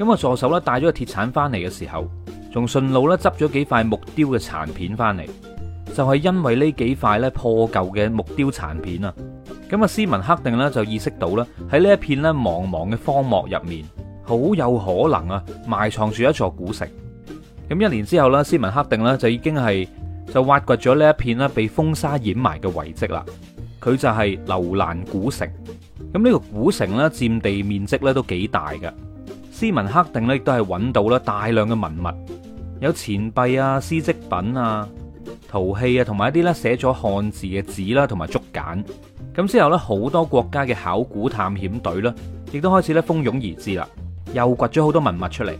咁啊，助手咧帶咗個鐵鏟翻嚟嘅時候，仲順路咧執咗幾塊木雕嘅殘片翻嚟，就係、是、因為呢幾塊咧破舊嘅木雕殘片啊。咁啊，斯文克定咧就意識到啦，喺呢一片咧茫茫嘅荒漠入面，好有可能啊埋藏住一座古城。咁一年之後咧，斯文克定咧就已經係就挖掘咗呢一片咧被風沙掩埋嘅遺跡啦。佢就係樓蘭古城。咁、這、呢個古城咧，佔地面積咧都幾大㗎。斯文克定咧，亦都係揾到啦大量嘅文物，有錢幣啊、絲織品啊、陶器啊，同埋一啲咧寫咗漢字嘅紙啦，同埋竹簡。咁之後呢，好多國家嘅考古探險隊呢，亦都開始咧蜂擁而至啦，又掘咗好多文物出嚟。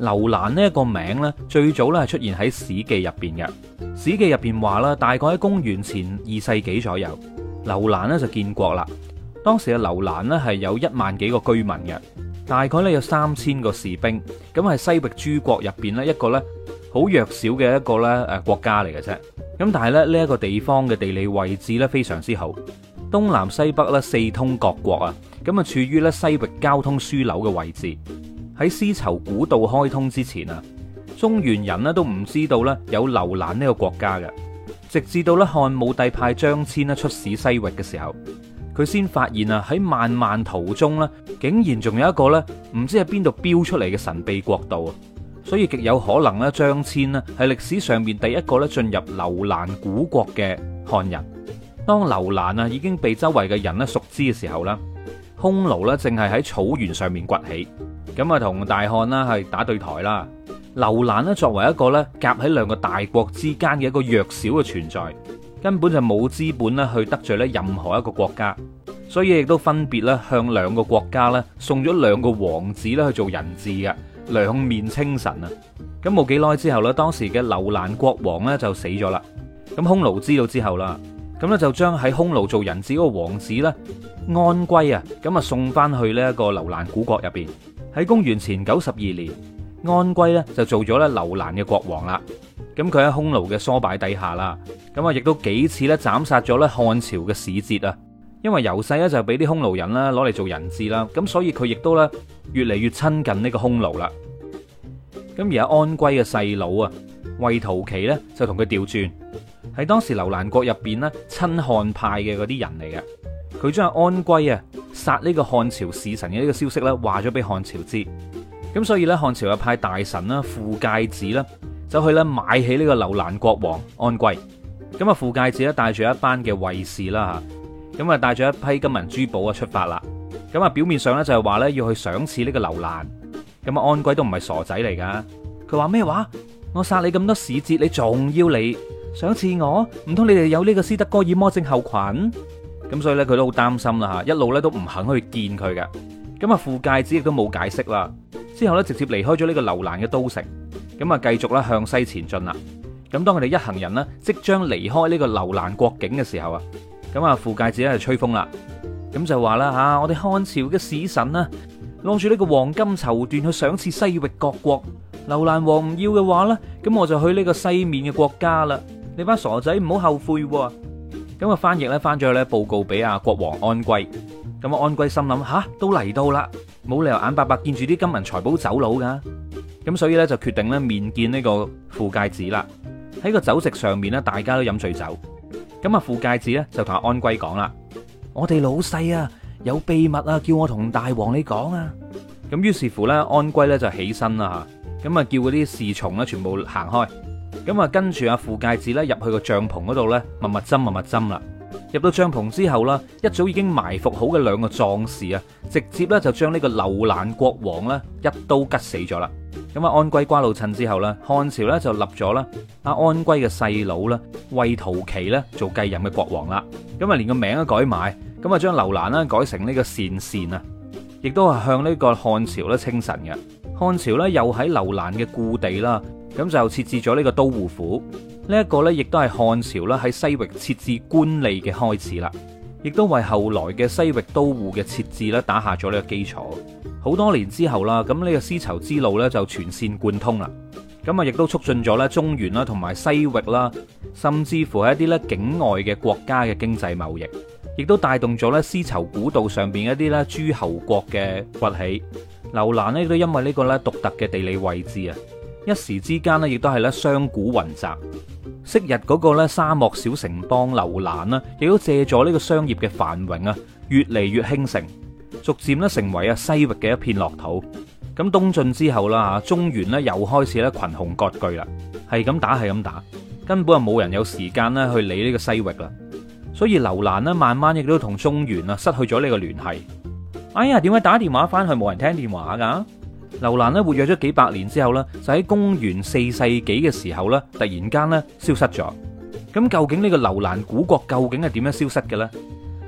樓蘭呢一個名呢，最早呢係出現喺史記入邊嘅。史記入邊話啦，大概喺公元前二世紀左右，樓蘭呢就建國啦。當時嘅樓蘭呢，係有一萬幾個居民嘅。大概咧有三千個士兵，咁係西域諸國入邊咧一個咧好弱小嘅一個咧誒國家嚟嘅啫。咁但係咧呢一個地方嘅地理位置咧非常之好，東南西北咧四通各國啊，咁啊處於咧西域交通樞紐嘅位置。喺絲綢古道開通之前啊，中原人咧都唔知道咧有樓蘭呢個國家嘅，直至到咧漢武帝派張騫咧出使西域嘅時候。佢先發現啊，喺漫漫途中咧，竟然仲有一個咧，唔知喺邊度飆出嚟嘅神秘國度啊！所以極有可能咧，張騫咧係歷史上面第一個咧進入樓蘭古國嘅漢人。當樓蘭啊已經被周圍嘅人咧熟知嘅時候啦，匈奴咧正係喺草原上面崛起，咁啊同大漢啦係打對台啦。樓蘭咧作為一個咧夾喺兩個大國之間嘅一個弱小嘅存在。根本就冇資本咧去得罪咧任何一個國家，所以亦都分別咧向兩個國家咧送咗兩個王子咧去做人質嘅，兩面稱臣啊！咁冇幾耐之後咧，當時嘅樓蘭國王咧就死咗啦。咁匈奴知道之後啦，咁咧就將喺匈奴做人質嗰個王子咧安歸啊，咁啊送翻去呢一個樓蘭古國入邊。喺公元前九十二年，安歸咧就做咗咧樓蘭嘅國王啦。咁佢喺匈奴嘅唆擺底下啦。咁啊，亦都幾次咧斬殺咗咧漢朝嘅使節啊，因為由細咧就俾啲匈奴人啦攞嚟做人質啦，咁所以佢亦都咧越嚟越親近呢個匈奴啦。咁而家安歸嘅細佬啊，魏屠奇呢，就同佢調轉喺當時樓蘭國入邊咧親漢派嘅嗰啲人嚟嘅。佢將阿安歸啊殺呢個漢朝使臣嘅呢個消息咧話咗俾漢朝知，咁所以咧漢朝就派大臣啦、傅介子啦，就去咧買起呢個樓蘭國王安歸。咁啊，傅介子咧帶住一班嘅衛士啦吓，咁啊帶住一批金銀珠寶啊出發啦。咁啊表面上咧就係話咧要去賞賜呢個樓蘭，咁啊安歸都唔係傻仔嚟噶。佢話咩話？我殺你咁多使節，你仲要嚟賞賜我？唔通你哋有呢個斯德哥爾摩症候群？咁所以咧佢都好擔心啦吓，一路咧都唔肯去見佢嘅。咁啊傅介子亦都冇解釋啦。之後咧直接離開咗呢個樓蘭嘅都城，咁啊繼續咧向西前進啦。咁當佢哋一行人呢，即將離開呢個樓蘭國境嘅時候啊，咁啊傅介子咧就吹風啦，咁就話啦吓，我哋漢朝嘅使臣啊，攞住呢個黃金綢緞去賞賜西域各國，樓蘭王唔要嘅話呢，咁我就去呢個西面嘅國家啦，你班傻仔唔好後悔，啊。咁、那、啊、個、翻譯咧翻咗去咧報告俾阿國王安歸，咁啊安歸心諗吓、啊，都嚟到啦，冇理由眼白白見住啲金銀財寶走佬噶，咁所以咧就決定咧面見呢個傅介子啦。喺個酒席上面咧，大家都飲醉酒。咁啊，傅介子咧就同阿安歸講啦：我哋老細啊有秘密啊，叫我同大王你講啊。咁於是乎咧，安歸咧就起身啦吓，咁啊叫嗰啲侍從咧全部行開。咁啊跟住阿傅介子咧入去個帳篷嗰度咧，密密針密密針啦。入到帳篷之後啦，一早已經埋伏好嘅兩個壯士啊，直接咧就將呢個樓蘭國王咧一刀拮死咗啦。咁啊，安歸瓜老襯之後咧，漢朝咧就立咗啦，阿安歸嘅細佬啦，尉屠耆咧做繼任嘅國王啦。咁啊，連個名都改埋，咁啊將樓蘭啦改成呢個鄯善啊，亦都係向呢個漢朝咧稱臣嘅。漢朝咧又喺樓蘭嘅故地啦，咁就設置咗呢個都護府。呢一個咧亦都係漢朝咧喺西域設置官吏嘅開始啦，亦都為後來嘅西域都護嘅設置咧打下咗呢個基礎。好多年之後啦，咁、這、呢個絲綢之路呢就全線貫通啦，咁啊亦都促進咗咧中原啦同埋西域啦，甚至乎係一啲咧境外嘅國家嘅經濟貿易，亦都帶動咗呢絲綢古道上邊一啲呢諸侯國嘅崛起。樓蘭呢都因為呢個呢獨特嘅地理位置啊，一時之間呢亦都係呢商賈雲集。昔日嗰個咧沙漠小城邦樓蘭呢，亦都借助呢個商業嘅繁榮啊，越嚟越興盛。逐漸咧成為啊西域嘅一片樂土。咁東晉之後啦，吓中原咧又開始咧群雄割據啦，係咁打係咁打，根本啊冇人有時間咧去理呢個西域啦。所以樓蘭咧慢慢亦都同中原啊失去咗呢個聯繫。哎呀，點解打電話翻去冇人聽電話噶？樓蘭咧活躍咗幾百年之後呢，就喺公元四世紀嘅時候呢，突然間咧消失咗。咁究竟呢個樓蘭古國究竟係點樣消失嘅咧？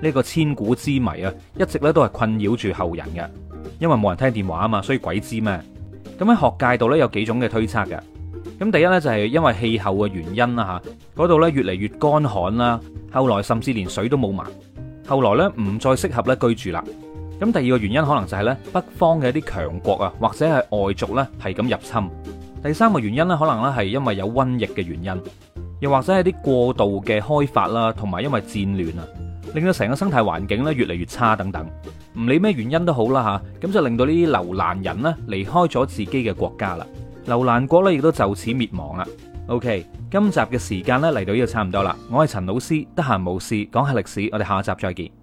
呢個千古之謎啊，一直咧都係困擾住後人嘅，因為冇人聽電話啊嘛，所以鬼知咩。咁喺學界度呢，有幾種嘅推測嘅。咁第一呢，就係因為氣候嘅原因啦，嚇嗰度呢越嚟越乾旱啦，後來甚至連水都冇埋，後來呢唔再適合咧居住啦。咁第二個原因可能就係咧北方嘅一啲強國啊，或者係外族呢，係咁入侵。第三個原因呢，可能呢係因為有瘟疫嘅原因，又或者係啲過度嘅開發啦，同埋因為戰亂啊。令到成個生態環境咧越嚟越差等等，唔理咩原因都好啦吓，咁就令到呢啲樓蘭人咧離開咗自己嘅國家啦，樓蘭國呢，亦都就此滅亡啦。OK，今集嘅時間呢，嚟到呢度差唔多啦，我係陳老師，得閒無事講下歷史，我哋下集再見。